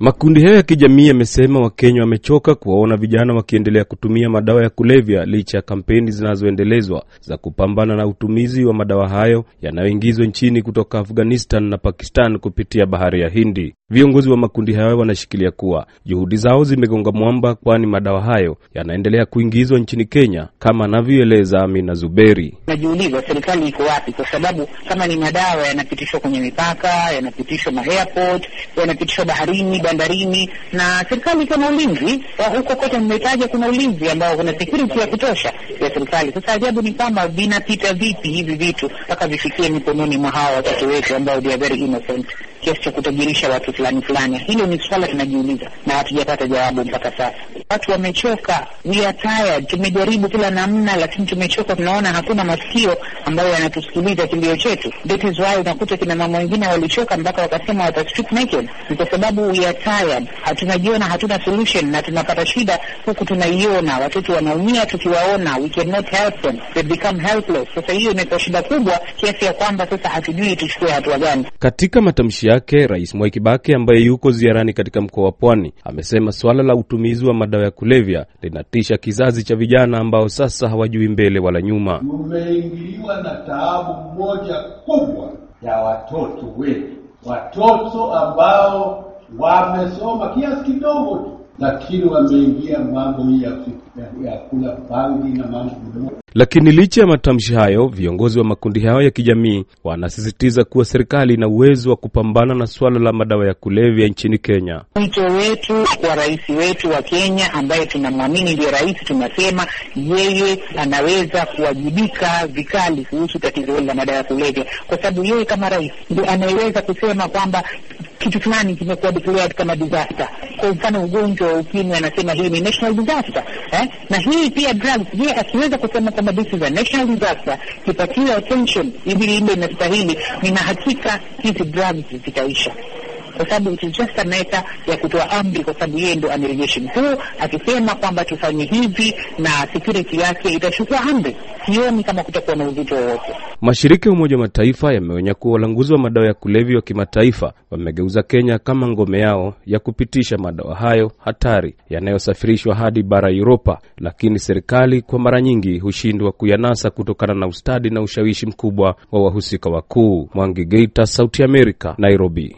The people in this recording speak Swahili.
Makundi hayo ya kijamii yamesema Wakenya wamechoka kuwaona vijana wakiendelea kutumia madawa ya kulevya licha ya kampeni zinazoendelezwa za kupambana na utumizi wa madawa hayo yanayoingizwa nchini kutoka Afghanistan na Pakistan kupitia bahari ya Hindi. Viongozi wa makundi hayo wanashikilia kuwa juhudi zao zimegonga mwamba, kwani madawa hayo yanaendelea kuingizwa nchini Kenya, kama anavyoeleza Amina Zuberi. Najiuliza serikali iko wapi? Kwa sababu kama ni madawa yanapitishwa kwenye mipaka, yanapitishwa ma airport, yanapitishwa baharini, bandarini, na serikali iko na ulinzi huko kote. Mmetaja kuna ulinzi ambao kuna security ya kutosha ya serikali. Sasa ajabu ni kwamba vinapita vipi hivi vitu mpaka vifikie mikononi mwa hawa watoto wetu ambao they are very innocent kiasi cha kutajirisha watu fulani fulani. Hilo ni swala tunajiuliza na hatujapata jawabu mpaka sasa watu wamechoka, we are tired. Tumejaribu kila namna, lakini tumechoka, tunaona hakuna masikio ambayo yanatusikiliza kilio chetu. That is why unakuta kina mama wengine walichoka mpaka wakasema wata strip naked, ni kwa sababu we are tired, hatunajiona, hatuna solution na tunapata shida huku tunaiona, watoto wanaumia tukiwaona, we cannot help them, they become helpless. Sasa hiyo imekuwa shida kubwa kiasi ya kwamba sasa hatujui tuchukue hatua gani. Katika matamshi yake, Rais Mwai Kibaki ambaye yuko ziarani katika mkoa wa Pwani amesema swala la utumizi wa madawa madawa ya kulevya linatisha kizazi cha vijana ambao sasa hawajui mbele wala nyuma. Tumeingiliwa na taabu moja kubwa ya watoto wetu, watoto ambao wamesoma kiasi kidogo tu lakini wameingia mambo hii ya kula bangi na mambo lakini licha ya matamshi hayo, viongozi wa makundi hayo ya kijamii wanasisitiza kuwa serikali ina uwezo wa kupambana na suala la madawa ya kulevya nchini Kenya. Wito wetu kwa rais wetu wa Kenya ambaye tunamwamini ndiye rais, tunasema yeye anaweza kuwajibika vikali kuhusu tatizo hili la madawa ya kulevya, kwa sababu yeye kama rais ndio anayeweza kusema kwamba kitu fulani kimekuwa declared kama disaster. Kwa mfano ugonjwa wa ukimwi, anasema hii ni national disaster eh? na hii pia drugs. Je, akiweza kusema kama this is a national disaster, kipatiwa attention hivi ile inastahili, nina hakika hizi drugs zitaisha kwa sababu it is just a matter ya kutoa amri, kwa sababu yeye ndo anirejeshi mkuu akisema kwamba tufanye hivi na security yake itachukua amri. Sioni kama kutakuwa na uzito wowote. Mashirika ya Umoja wa Mataifa yameonya kuwa walanguzi wa madawa ya kulevya wa kimataifa wamegeuza Kenya kama ngome yao ya kupitisha madawa hayo hatari yanayosafirishwa hadi bara Uropa, lakini serikali kwa mara nyingi hushindwa kuyanasa kutokana na ustadi na ushawishi mkubwa wa wahusika wakuu. Mwangi Geita, Sauti Amerika, Nairobi.